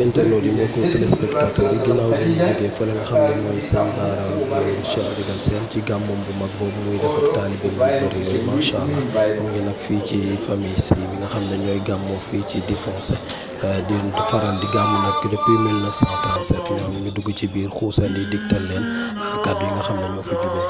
mbokku internautes yi mbokku téléspectateurs mooy seen baaraam ci gàmmoom bu mag boobu muy def ak taalibe bu bëri yooyu macha mu ngi nag fii ci famille si bi nga xam ne ñooy gàmmoo fii ci Difoncé euh, di faral di gàmm nag depuis 1937 ñoom ñu dugg ci biir xuusandi digtal leen euh, kàddu yi nga xam ne ñoo fa jugee.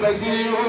Brasil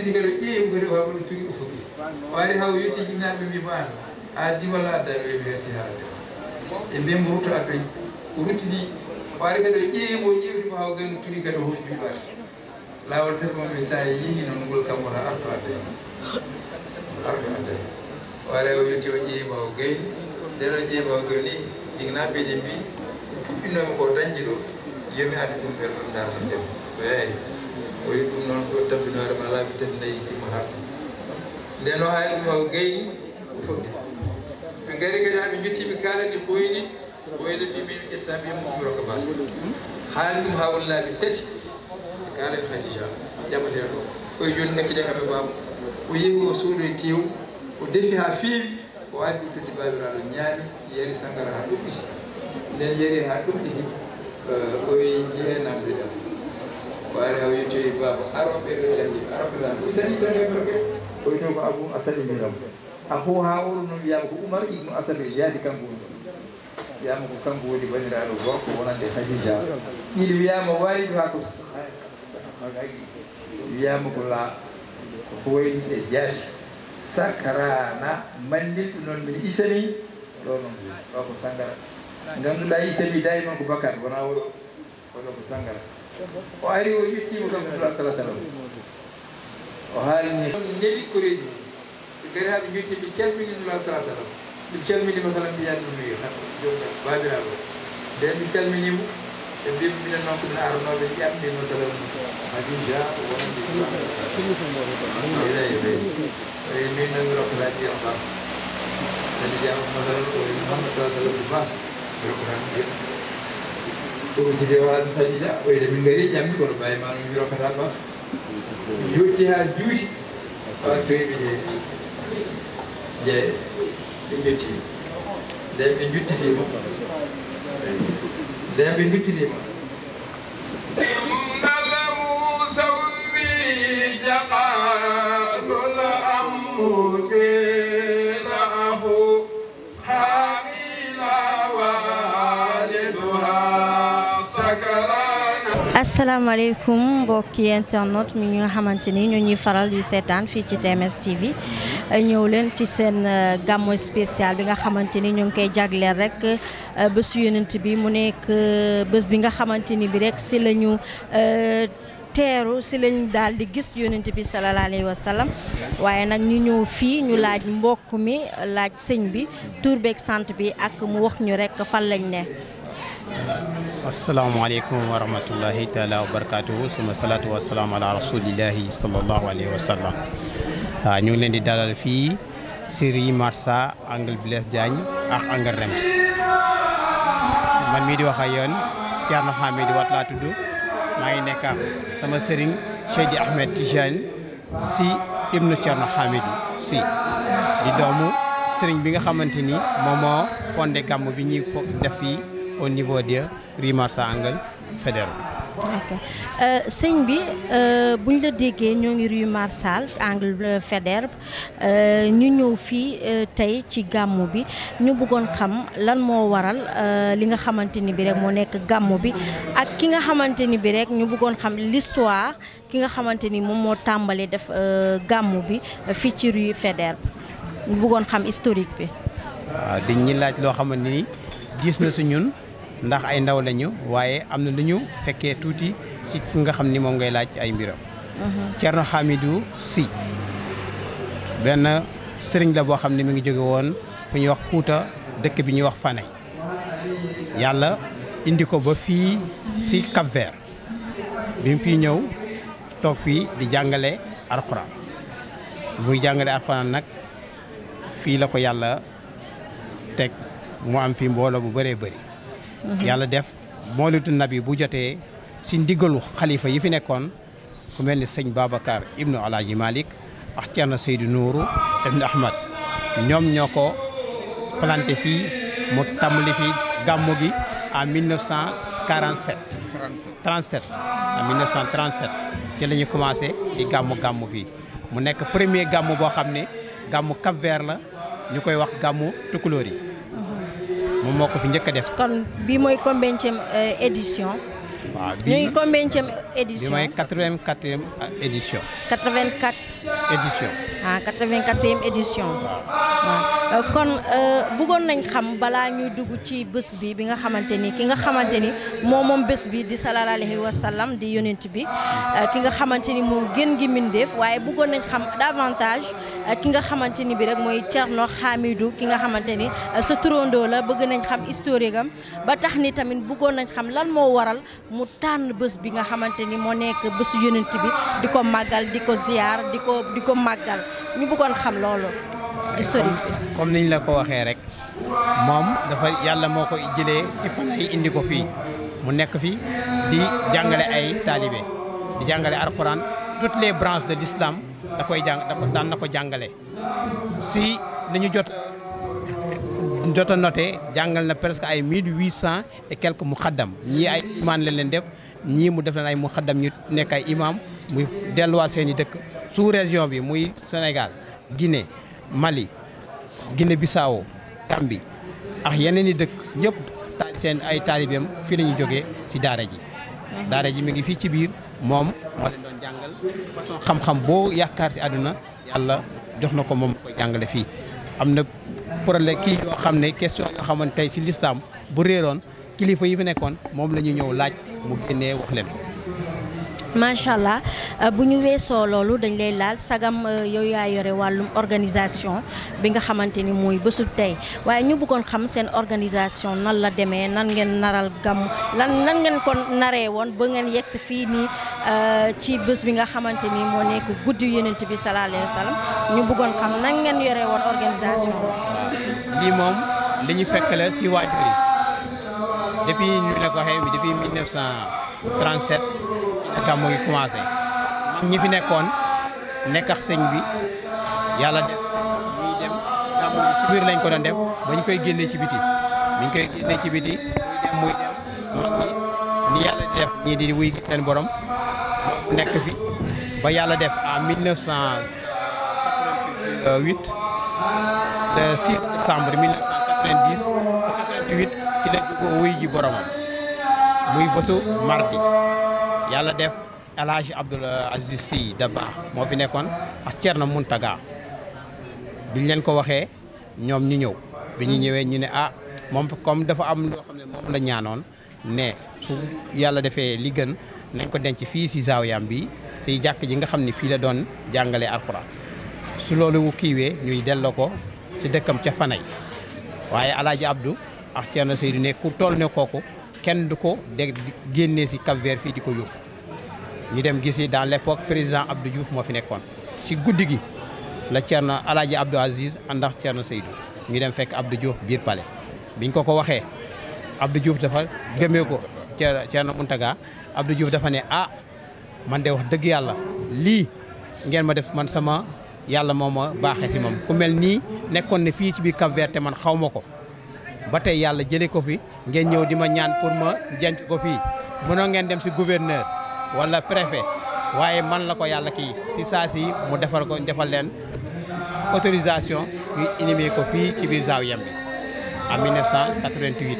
musidɗi gaɗo ƴeewi gari o haɓoɗo tugi o fuɗɗi o ari haw yetti jinnaɓe mbimo an a addi walla addani o wersi haalade e mbimo rutto addoy o ruttidi o ari kadi o ƴeewimo ƴewtimo haw gani tugi kadi o hofti juɓarti laawol tati maɓe sa yeehi noon ngol kam wota arto addani arto addani o ari o yetti o ƴeewima o gayni nden o ƴeewima o gayni jinnaɓe ɗe mbi puɗɗinoma ko dañde ɗo yomi addi ɗum ɓerɗon darno ndema eyi oyi ɗum noon ko tampinore ma laabi tati nayyi timma haala nden o haali ɗum haw gayni o fokkiti ɓe gari kadi haɓe jettiɓe kalani ɓoyni ɓoyde mbimimi ƴetta mbiyamo juroka basa haali ɗum hawol laabi tati e a hadija ƴamaten ɗo koye joni gakkide kamɓe baba o yewi o suudo e tew o defi ha feewi o addi tudde babiraɗo ñaami yari sangara ha ɗuɓɓiti nden yari ha ɗuɓɓiti oye jeena arewa yeccoyi baba aro ɓeɗo jangi arabilan ɗum sani tan hebrake koyno ko abou asadi minam a ho ha oɗo noon wiyama ko oumar ibnu asadi yaadi kanko woni wiyama ko kanko woni baniraɗo gorko wonande hadija ɗiɗi wiyama wayni ha ko wiyama ko la ko wayni e jaati sakrana mandilɗo noon mbiɗa isani ɗo noon ɗo ko sangara ganduɗa isani dayi noon ko bakkat wona oɗo oɗo ko sangara o ari o yettima kam totolal salah sallam o haalni neli koreji ɓe gari haɓe juuti ɓe calmininola salah sallam ɓe calminima kala mbiyani ɗum yo jomka babiraɓo nden ɓe calminimo ɓe mbimi minen noon komin aranoɓe ƴamɗino salam hadija wonde eyi min nomi rokkataji en bas kadi jama masalan o mouhamad salah sallam de bas mi rokkatami koko jige waɗ daƴija ɓoyde min gari ƴammi kono mbawi ma noon wirokata ba jotti ha juuti wawa toyiɓe jeeye ɓe jotti nden ɓe juttitima asalaamaaleykum mbokki internet mi nga xamante ni ñu ñuy faral di seetaan fii ci TMS TV ñëw leen ci seen uh, gàmmu special bi nga xamante ni ñu ngi koy jagleel rek uh, bésu yonent bi mu nekk uh, bés bi nga xamante ni bi rekk si lañu ñu teeru si lañ daal di gis yonent bi sallallahu alayhi wa waaye nag ñu ñëw fii ñu laaj mbokk mi laaj sëñ bi tur sant bi ak mu wax ñu rek fan lañ ne. asalaamaaleykum wa rahmatullahi taala wa barakaatuhu suma salaatu wa salaam ala rasulillahi sallallahu alayhi wa sallam waaw ah, ñu ngi leen di dalal fii séri rue Marsa angle Blaise jaañ ak angle Rems man mii di wax yoon yéen Thierno Hamidou Watt laa tudd maa ngi nekk sama sëriñ Cheikh Ahmed Tijane Sy ibnu Thierno Hamidou Sy di doomu sëriñ bi nga xamante ni moom moo fondé gàmm bi ñuy def fii au niveau de Rimarsa Angle Fédéral. ok euh, euh, buñ la déggee ñoo ngi rue Marsal angle Faidherbe euh, ñu ñëw fii tey ci gàmmu bi ñu buggoon xam lan moo waral li nga xamante ni bi rek moo nekk gàmmu bi ak ki nga xamante ni bi rek ñu bëggoon xam l'histoire ki nga xamante ni moom moo tàmbali def gàmmu bi fii ci rue Faidherbe ñu bëggoon xam historique bi. waaw ah, dañ ñuy laaj loo xamante gis na su ñun. ndax ay ndaw lañu waaye am na lu ñu fekkee tuuti ci ki nga xam ni moom ngay laaj ay mbiram. Mhm. Thierno Hamidou Sy benn sëriñ la boo xam ne mi ngi jóge woon fu ñuy wax xuuta dëkk bi ñuy wax Fane yàlla indi ko ba fii ci Cap-Vert bi mu fii ñëw toog fii di jàngale alxuraan buy jàngale alxuraan nag fii la ko yàlla teg mu am fi mbooloo bu baree bari yàlla def moolitu nabi bu jotee si ndigalu xalifa yi fi nekkoon ku mel ni sëñ Babacar ibnu Alaaji Malik ak Cerno Seydou Nourou ibnu Ahmad ñoom ñoo ko palante fii mu tàmbali fi gàmmu gi en 1947. 37 en 1937 ci la ñu commencé di gàmmu gàmmu fii mu nekk premier gàmmu boo xam ne gàmmu Cap-Vert la ñu koy wax gàmmu tukulóor yi moom moo ko fi njëkk a def. kon bi mooy combien euh, édition. waaw bii ñu bi mooy quatre-vingt-quatrième édition. quatre-vingt-quatre édition. ah 84e édition. waaw euh, kon euh, bëggoon nañ xam balaa ñuy dugg ci bés bi bi nga xamante ni ki nga xamante ni moom moom bés bi di sallallahu alayhi wa sallam di yonent bi euh, ki nga xamante ni moo gën gi mindeef waaye buggoon nañ xam davantage ki nga xamante ni bi rek mooy Thierno Hamidou ki nga xamante ni sa turandoo la bëgg nañ xam historique ba tax ni tamit bëggoon nañ xam lan moo waral mu tànn bés bi nga xamante ni moo nekk bésu yonent bi di ko màggal di ko ziyaar di ko ko di ko màggal ñu bëggoon xam loolu di sori bi comme niñ la ko waxee rek moom dafa yàlla moo ko jëlee ci fan ay indi ko fii mu nekk fi di jàngale ay taalibe di jàngale alxuraan toutes les branches de l'islam da koy jàng daan na ko jàngale si li jot jot a noté jàngal na presque ay mille huit cent et quelques ñii ay imaan la leen def ñii mu def leen ay muxaddam ñu nekk ay imaam muy delluwaat seen dëkk sous région bi muy Sénégal Guinée Mali Guinée Bissau Gambie ak yeneen i dëkk ñëpp taal seen ay taalibeem fii la jóge ci daara ji. daara ji mi ngi fii ci biir moom moo doon jàngal façon xam-xam boo yaakaar si àdduna yàlla jox na ko moom koy jàngale fii am na problème kii yoo xam ne question yoo xamante tey si lislaam bu réeroon kilifa yi fi nekkoon moom la ñuy ñëw laaj mu génnee wax leen ko. macha allah euh, bu ñu weesoo loolu dañ lay laal sagam euh, yow yaa yore wàllum organisation bi nga xamante ni mooy bésu tey waaye ñu bëggoon xam seen organisation nan la demee nan ngeen naral gàmm lan nan ngeen ko naree woon ba ngeen yegg si fii nii euh, ci bés bi nga xamante ni moo nekk guddi yonent bi salallaahu alayhi wa sallam ñu bëggoon xam nan ngeen yore woon organisation. lii moom li ñu fekk la si waajur yi depuis ñu la ko waxee depuis 1937. gàmmu ngi commencé ñi fi nekkoon nekk ak sëñ bi yàlla def ñuy dem gàmmu gi lañ ko doon def ba ñu koy génnee ci biti ñu koy génnee ci biti muy dem ni yàlla def ñii di wuy gi seen borom nekk fi ba yàlla def en 1988 le 6 décembre 1990 88 ci la dugg wuy ji boromam muy bésu mardi yàlla def El Hadj Abdoul Aziz Sy Dabakh moo fi nekkoon ak Thierno Mountaga biñ leen ko waxee ñoom ñu ñëw bi ñu ñëwee ñu ne ah moom comme dafa am loo xam ne la ñaanoon ne su yàlla defee li nañ ko denc fii si zaawiyam bi si jàkk ji nga xam ni fii la doon jàngalee alxuraan su loolu kiiwee ñuy delloo ko si dëkkam ca Fanay waaye El Hadj Abdou ak Thierno Seydou ne ku toll ne kooku. kenn du ko dégg génnee si Cap fii di ko yóbbu ñu dem gisi dans l'époque président Abdou Diouf moo fi nekkoon si guddi gi la Thierno Alaaji Abdou Aziz àndax Thierno Seydou ñu dem fekk Abdou Diouf biir palais biñ ko ko waxee Abdou Diouf dafa gëmee ko Thierno Mountaga Abdou Diouf dafa ne ah man de wax dëgg yàlla lii ngeen ma def man sama yàlla moo ma baaxee si moom ku mel nii nekkoon ne fii ci biir Cap te man xaw ko ba tey yàlla jëlee ko fi ngeen ñëw di ma ñaan pour ma jenc ko fii mënoo ngeen dem si gouverneur walla préfet waaye man la ko yàlla kii si saa si mu defar ko defal leen autorisation yu inhumé ko fii ci biir Zawiya bi en 1988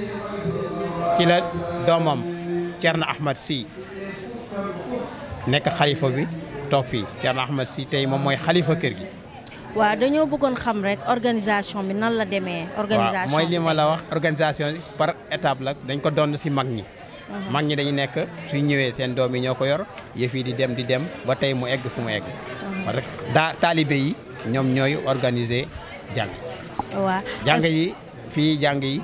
ci la doomam Thierno Ahmed si nekk xalifa bi toog fii Thierno Ahmed si tey moom mooy xalifa kër gi waaw dañoo bëggoon xam rek organisation bi nan la demee. organisation mooy li ma la wax organisation par étape la dañ ko donn si mag ñi. Mhm. mag ñi dañu nekk suy ñëwee seen doom yi ñoo ko yor yëf di dem di dem ba tey mu egg fu mu egg. Mhm. parce que taalibe yi ñoom ñooy organiser jàng. waaw jàng yi fii jàng yi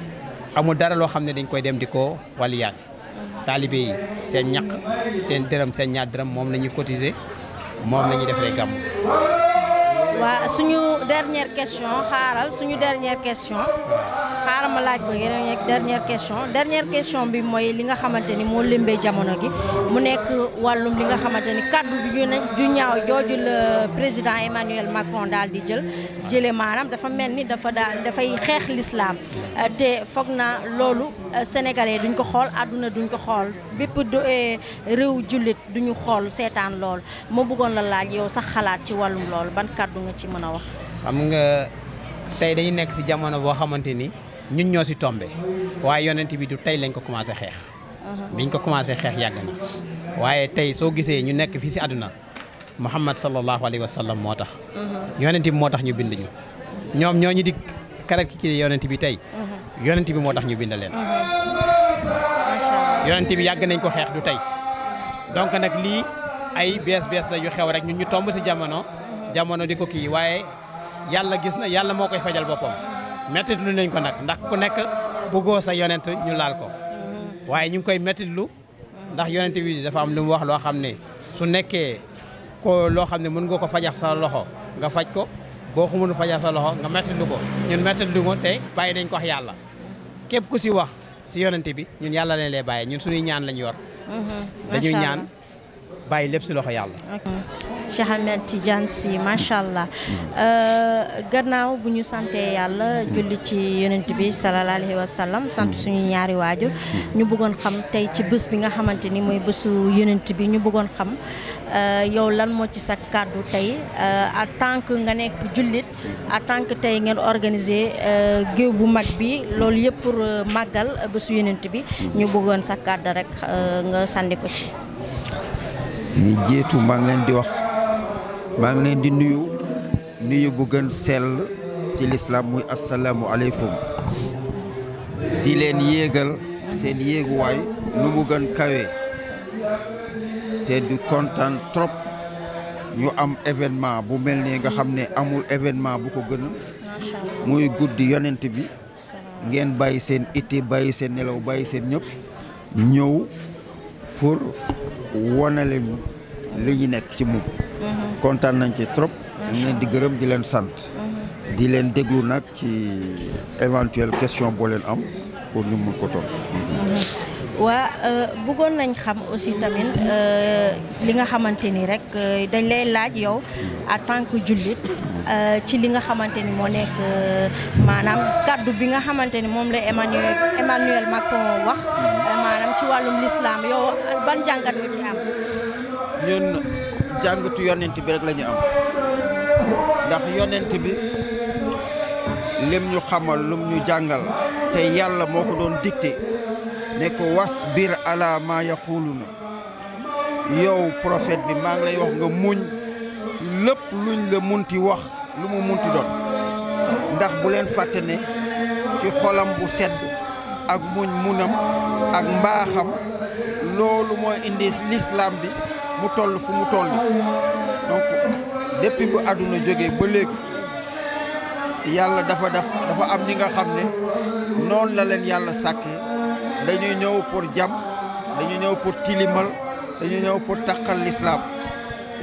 amul dara loo xam ne dañ koy dem di koo waliyaan. Mhm. taalibe yi seen ñaq seen dërëm seen ñaar dërëm moom la ñuy cotiser moom la ñuy defaree gàmm. waaw suñu dernière question xaaral suñu dernière question xaaral ma laaj ko yeneen dernière question dernière question bi mooy li nga xamante ni moo lëmbee jamono gi mu nekk wàllum li nga xamante ni kaddu du du ñaaw jooju la président Emmanuel Macron daal di jël jëlee maanaam dafa mel ni dafa daal dafay xeex lislaam te foog naa loolu euh, sénégalais duñ ko xool àdduna duñ ko xool bépp euh, réew jullit duñu xool seetaan lool ma bëggoon la laaj yow sax xalaat ci wàllum loolu ban kàddu nga ci mën a wax. xam nga tey dañu nekk ci jamono boo xamante ni. ñun ñoo si tombé waaye yonent bi du tey lañ ko commencé xeex. Uh-huh. biñ ko commencé xeex yàgg na waaye tey soo gisee ñu nekk fii si àdduna Muhammad sallallahu alayhi wa sallam moo tax. Uh-huh. yonent bi moo tax ñu bind ñu. ñoom ñoo ñu di caractériser yonent bi tey. Uh-huh. yonent bi moo tax ñu bind leen. yonent bi yàgg nañ ko xeex du tey donc nag lii ay bees bees la yu xew rek ñu ñu tomb ci jamono jamono di ko kii waaye yàlla gis na yàlla moo koy fajal boppam. métti lu nañ ko nag ndax ku nekk bëggoo sa yonent ñu laal ko waaye ñu ngi koy métti lu ndax yonent bi dafa am lu mu wax loo xam ne su nekkee ko loo xam ne mën nga ko fajax sa loxo nga faj ko boo ko mënu fajax sa loxo nga métti lu ko ñun métti lu ko te bàyyi nañ ko wax yàlla képp ku si wax si yonent bi ñun yàlla lañ lay bàyyi ñun suñuy ñaan lañ yor mhm. dañuy ñaan bàyyi lépp si loxo yàlla Cheikh Ahmed Tidiane Sy macha allah euh, gannaaw bu ñu santee yàlla julli ci yonent bi sallallahu alayhi wa sallam sant suñu ñaari waajur ñu bëggoon xam tey ci bés bi nga xamante ni mooy bésu yonent bi ñu bëggoon xam euh, yow lan moo ci sa kàddu tey euh, en tant nga nekk jullit en tant que tey ngeen organiser géew bu mag bi loolu yëpp pour màggal bésu yonent bi ñu bëggoon sa kàddu rek nga sànni ko ci. li jiitu maa leen di wax. maa ngi leen di nuyu nuyu bu gën sell ci lislaam muy assalaamu aleykum di leen yéegal seen yéeguwaay nu mu gën kawe te du kontaan trop ñu am événement bu mel ne nga xam ne amul événement bu ko gën muy guddi yonent bi ngeen bàyyi seen itti bàyyi seen nelaw bàyyi seen ñëpp ñëw pour wane li ñu nekk ci moom mhm. kontaan nañ ci trop. ñu leen di gërëm di leen sant. Mhm. di leen déglu nag ci éventuelle question boo leen am pour ñu mun ko topp. Mhm. waa euh, bëggoon nañ xam aussi tamit euh, li nga xamante ni rek euh, dañ lay laaj yow mhm. en tant que jullit ci li nga xamante ni moo nekk maanaam kaddu bi nga xamante ni moom la Emmanuel Macron wax maanaam ci wàllum l'islam yow ban jàngat nga ci am. jàngatu yonent bi rek lañu ñu am ndax yonent bi lim ñu xamal lum ñu jàngal te yàlla moo ko doon dicté ne ko wasbir ala ma yaquluna yow prophète bi maa ngi lay wax nga muñ lépp luñ la munti wax lu mu munti doon ndax bu leen fàtte ne ci xolam bu sedd ak muñ munam ak mbaaxam loolu mooy indi lislaam bi mu toll fu mu toll donc depuis bu àdduna jógee ba léegi yàlla dafa def dafa am ñi nga xam ne noonu la leen yàlla sàkkee dañuy ñëw pour jam dañuy ñëw pour tilimal dañuy ñëw pour taqal lislaam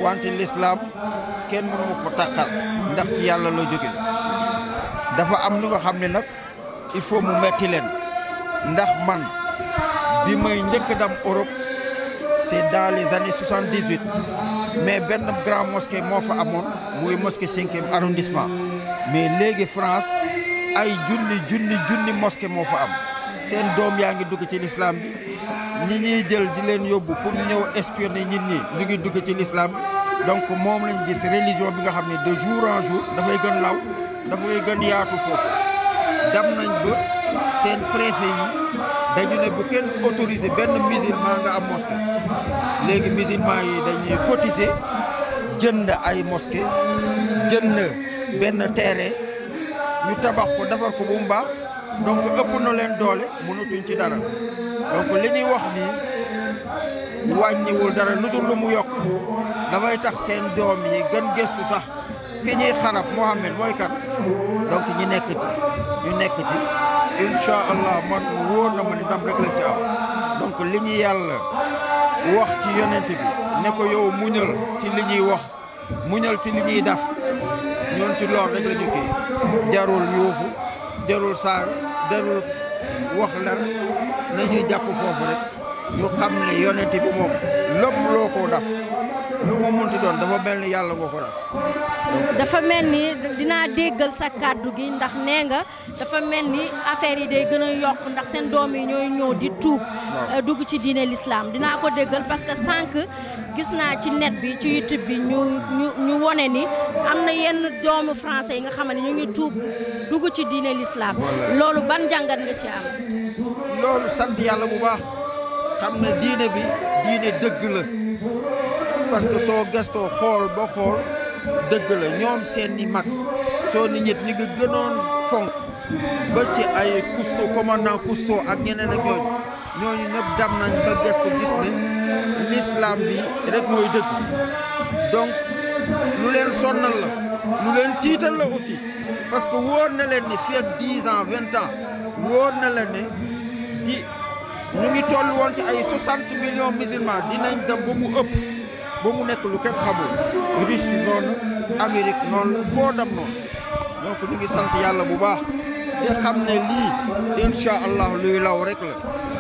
wante lislaam kenn mënuma ko taqal ndax ci yàlla loo jógee dafa am ñu nga xam ne nag il faut mu metti leen ndax man bi may njëkk dem Europe c'est dans les années 78 mais benn grand mosquée moo fa amoon muy mosquée cinquième arrondissement mais léegi France ay junni junni junni mosquée moo fa am seen doom yaa ngi dugg ci l'islam bi ñi ñuy jël di leen yóbbu pour ñëw yi nit ñi ñu ngi dugg ci l'islam bi donc moom lañ gis religion bi nga xam ne de jour en jour dafay gën law dafay gën yaatu foofu dem nañ ba seen préfet yi dañu ne bu kenn autorisé benn maa nga am mosquée léegi musulman yi dañuy cotiser jënd ay mosquée jënd benn terrain ñu tabax ko defar ko bu mu baax donc ëpp na leen doole mënatuñ ci dara donc li ñuy wax nii wàññiwul dara lu dul lu mu yokk dafay tax seen doom yi gën gëstu sax ki ñuy xarab Mohamed mooy kat donc ñu nekk ci ñu nekk ci. incha allah man wóor na ma ni ndam rek la ci am donc li ñu yàlla wax ci yonent bi ne ko yow muñal ci li ñuy wax muñal ci li ñuy def ñoon ci lool rek la ñu kii jarul yuuxu jarul saar jarul wax lan nañuy jàpp foofu rek ñu xam ne yonent bi moom lépp loo ko def lu mu munti doon dafa mel ni yàlla nga ko dafa mel ni dinaa déggal sa kàddu gi ndax nee nga dafa mel ni affaire yi day gën a yokk ndax seen doom yi ñooy ñëw di tuub. Euh, dugg ci diine lislaam dinaa ko déggal parce que sànq gis naa ci net bi ci YouTube bi ñu ñu ñu wone ni am na yenn doomu français yi nga xam ne ñu ngi tuub dugg ci diine lislaam loolu ban jàngat nga ci am. loolu sant yàlla bu baax xam ne diine bi diine dëgg la. parce que soo gëstoo xool ba xool dëgg la ñoom seen mag soo ni ñi nga gënoon fonk ba ci ay Cousteau commandant Cousteau ak ñeneen ak ñooñu ñooñu ñëpp dam nañ ba gëstu gis ne l'islam bi mooy dëgg donc lu leen sonnal la lu leen tiital la aussi parce que wóor na leen ni fii ak dix wóor na leen di ñu ngi toll woon ci ay soixante millions dinañ dem ba mu ëpp ba mu nekk lu kenn xamul Russie noonu Amérique noonu foo dem noonu donc ñu ngi sant yàlla bu baax te xam ne lii incha allah luy law rek la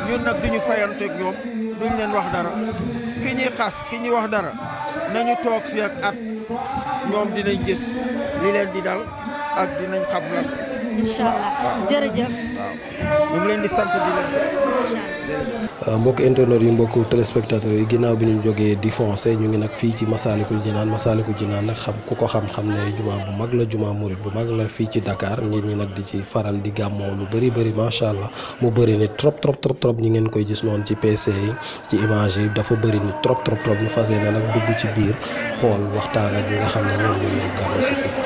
ñun nag duñu fayanteeg ñoom duñ leen wax dara ki ñuy xas ki ñuy wax dara nañu toog fi ak at ñoom dinañ gis li leen di dal ak dinañ xam lan incha allah jërëjëf. leen di sant di leen waaw ah, mbokk internet yi mbokk téléspectateurs yi ginnaaw bi ñu jógee di foncé ñu ngi nag fii ci Massalikul Jinaan Massalikul Jinaan nag xam ku ko xam-xam ne juma bu mag la jumaa murit bu mag la fii ci dakaar nit ñi nag di ci faral di gàmmoo lu bëri bari macha allah mu bëri nit trop trop trop trop ñi ngeen koy gis noonu ci PC yi ci image yi dafa bëri ni trop trop trop ñu fas yéene nag dugg ci biir xool waxtaan ak nga xam ne ñoom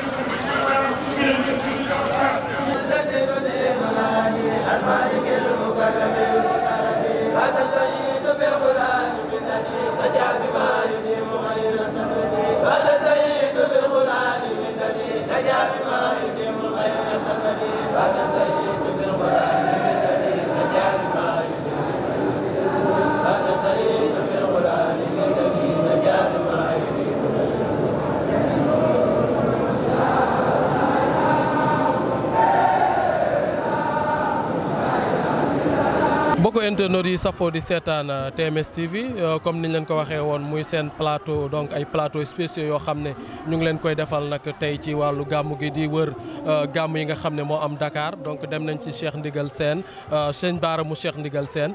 internet yi safoo di seetaan euh, TMS TV euh, comme niñ leen ko waxee woon muy seen plateau donc ay plateau spéciaux yoo xam ne ñu ngi leen koy defal nag tey ci wàllu gàmmu gi di wër euh, gàmm yi nga xam ne moo am Dakar donc dem nañ ci Cheikh Ndigal seen sëñ Baara mu Cheikh Ndigal Sène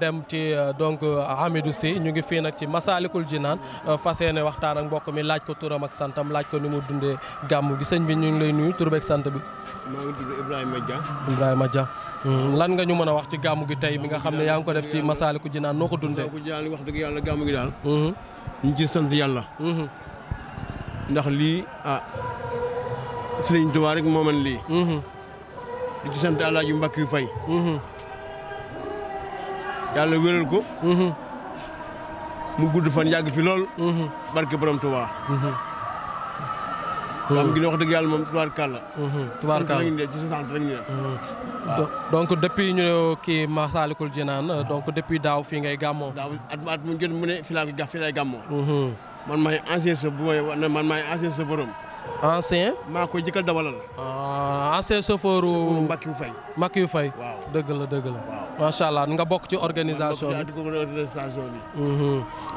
dem ci donc Hamidou si ñu ngi fii nag ci Masaalikul Jinaan fas yéene waxtaan ak mbokk mi laaj ko turam ak santam laaj ko ni mu dundee gàmm gi sëñ bi ñu ngi lay nuyu tur beeg sant bi. maa Mm, lan nga ñu wax ci gàmmu gi tey bi nga xam ne yaa ngi ko def ci Masaalikul Jinaan noo ko dundee. Masaalikul wax dëgg yàlla gàmmu gi daal. Mm-hmm. ñu ci sant yàlla. Mm-hmm. ndax lii ah Sëriñ Tuubaa rek moo mën lii. Mm-hmm. di ci sant El Hadj Mbackiou Faye. yàlla wéral ko. mu gudd fan yàgg fi lool. barke Borom Tuubaa. xam gi ne dëgg yàlla moom tubaarkàlla. Mhm, tubaarkàlla sant ci sant rek ñu donc depuis ñu kii Massalikul Jinaan mhm. donc depuis daaw fii ngay gàmmoo. daaw at at mu jot mu ne fii laa ga fii lay gàmmoo. Mhm. man maay ancien chef bu may wax ne man maay ancien chauffeur am. ancien. maa koy jëkkal dawalal. Ah, ancien chauffeur. Mbakiou Faye. Mbakiou Faye. waaw dëgg la dëgg la. macha nga bokk ci organisation bi.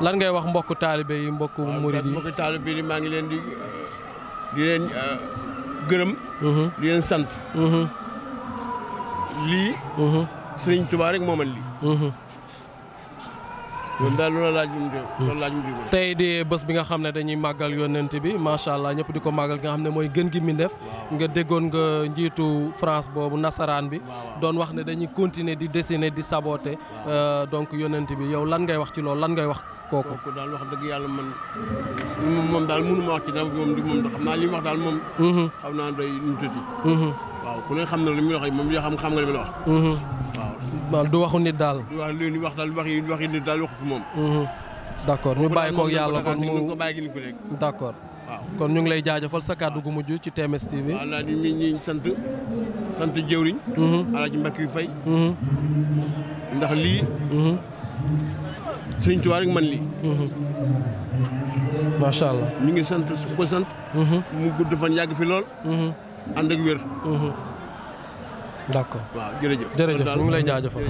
lan ngay wax mbokk taalibe yi mbokk murid mbokk taalibe yi maa ngi leen di. di leen euh, gërëm. Mhm. di leen sant. Mhm. lii. Mhm. Sëriñ Tuubaa rek moom man lii. loolu daal loolu laaj ñu loolu laaj tey di bés bi nga xam ne dañuy màggal yonent bi macha allah ñëpp di ko màggal nga xam ne mooy gën gi mbindéef nga déggoon nga njiitu France boobu nasaraan bi doon wax ne dañuy continuer di dessiner di saboter euh, donc yonent bi yow lan ngay wax ci loolu lan ngay wax kooku kooku daal wax dëgg yàlla man moom daal mënuma wax ci dara li mu daal moom xam naa waaw ku ne xam na lu muy wax moom yoo xam xam nga li ma la wax. Mhm. waaw du waxu nit daal. waaw li ñuy wax daal wax yi wax yi nit daal waxu fi moom. Mhm. d' accord ñu bàyyi koog yàlla kon mu d' accord. waaw kon ñu ngi lay jaajëfal sa kàddu gu mujj ci TMS TV. waaw naa ñu ñu sant sant jëwriñ. Mhm. Alaaji Mbackiou Faye. ndax lii. Sëriñ Tuubaa rek man lii. macha allah. ñu ngi sant ko sant. mu gudd fan yàgg fi lool. ànd ak wér. Mhm. d'accord waaw jërëjëf. jërëjëf ñu ngi lay jaajëfal.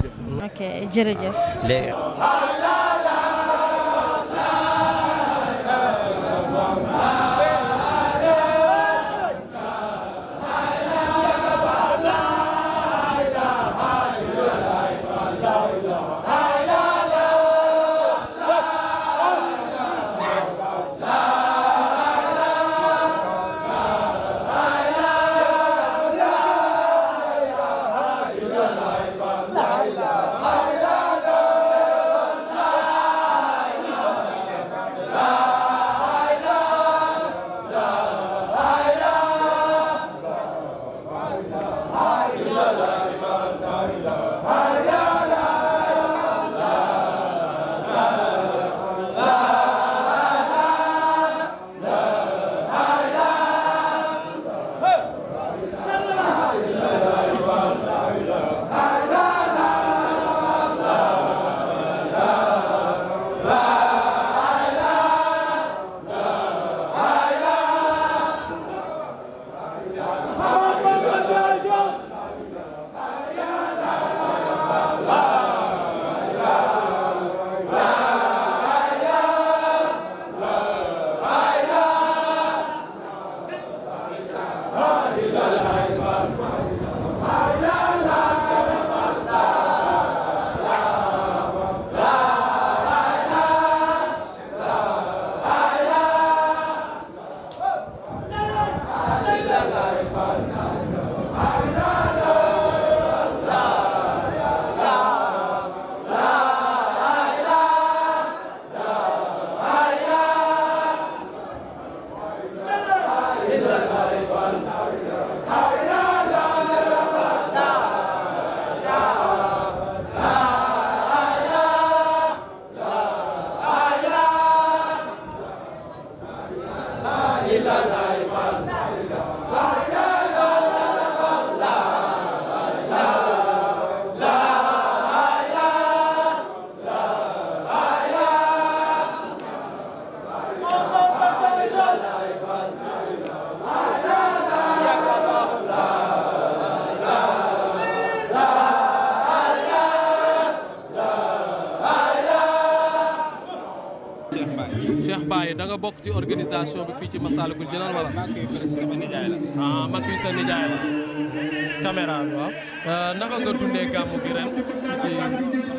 ok jërëjëf. léegi. ci organisation bi fii ci Massalikul Jinaan wala. ah Macky sa nijaay la. caméra waaw. Euh, naka nga dundee gàmmu gi ren ci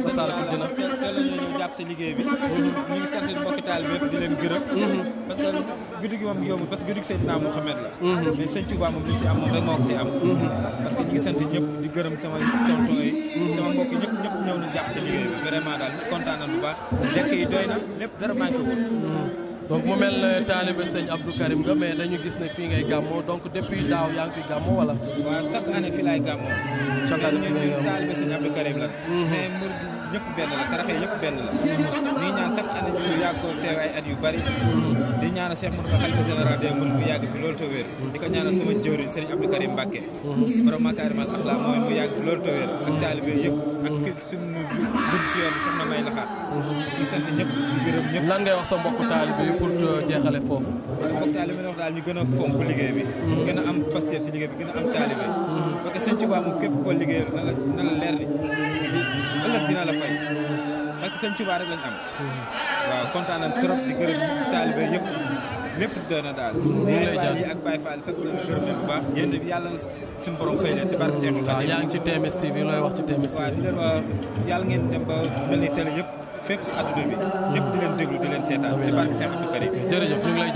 Massalikul Jinaan. teel la ñuy ñëw jàpp si liggéey bi. Mhm. ñu di leen gërëm. Mhm. parce que guddi gi moom yombul mhm. moom li ñu si am di gërëm sama tonton yi. sama mbokk ñëw nañu jàpp si liggéey bi vraiment daal kontaan nañu bu baax. lekk yi doy na lépp dara manqué woon. donc mu mel ne taalibe sëñ Karim nga mais dañu gis ne fii ngay gàmmoo donc depuis daaw yaa ngi fi gàmmoo wala. waaw chaque année fii laay gàmmoo. chaque année fii laay gàmmoo taalibe sëñ Abdou Karim la. Mhm. ñëpp benn la taraxe yëpp benn la ñuy ñaan sax année ñu yàgg ko teewaay at yu bari di ñaana Cheikh Mountakha xalifa général des mourides mu yàgg fi loolu te wér di ko ñaanal sama jëwriñ Serigne Abdou Karim Mbacké borom makaarimal axlaa mooy mu yàgg fi loolu te wér ak taalibe yëpp ak képp suñu dugg si yoon soxna may laxaat di sant ñëpp di gërëm ñëpp lan ngay wax sa mbokk taalibe yi pour jeexale foofu mbokk taalibe yi wax daal ñu gën a fonk liggéey bi gën a am pasteur si liggéey bi gën a am taalibe mm-hmm. parce que Serigne Touba moom képp ko liggéeyal na la leer ni ëllëg dina la fay parce que sëñ Tuubaa rek lañ am. waaw kontaan nañ trop di gërëm taalibe yëpp lépp dana daal. ñu ak Baye Fall sax di gërëm bu baax yéen it yàlla na suñu borom fay leen si barke Seexul Xadiim. waaw yaa ngi ci TMS TV looy wax ci TMS TV. waaw di leen yàlla ngeen dem ba mel ni télé yëpp fépp si adduna bi. ñëpp di leen déglu di leen seetaan si barke Seexul Xadiim. jërëjëf ñu ngi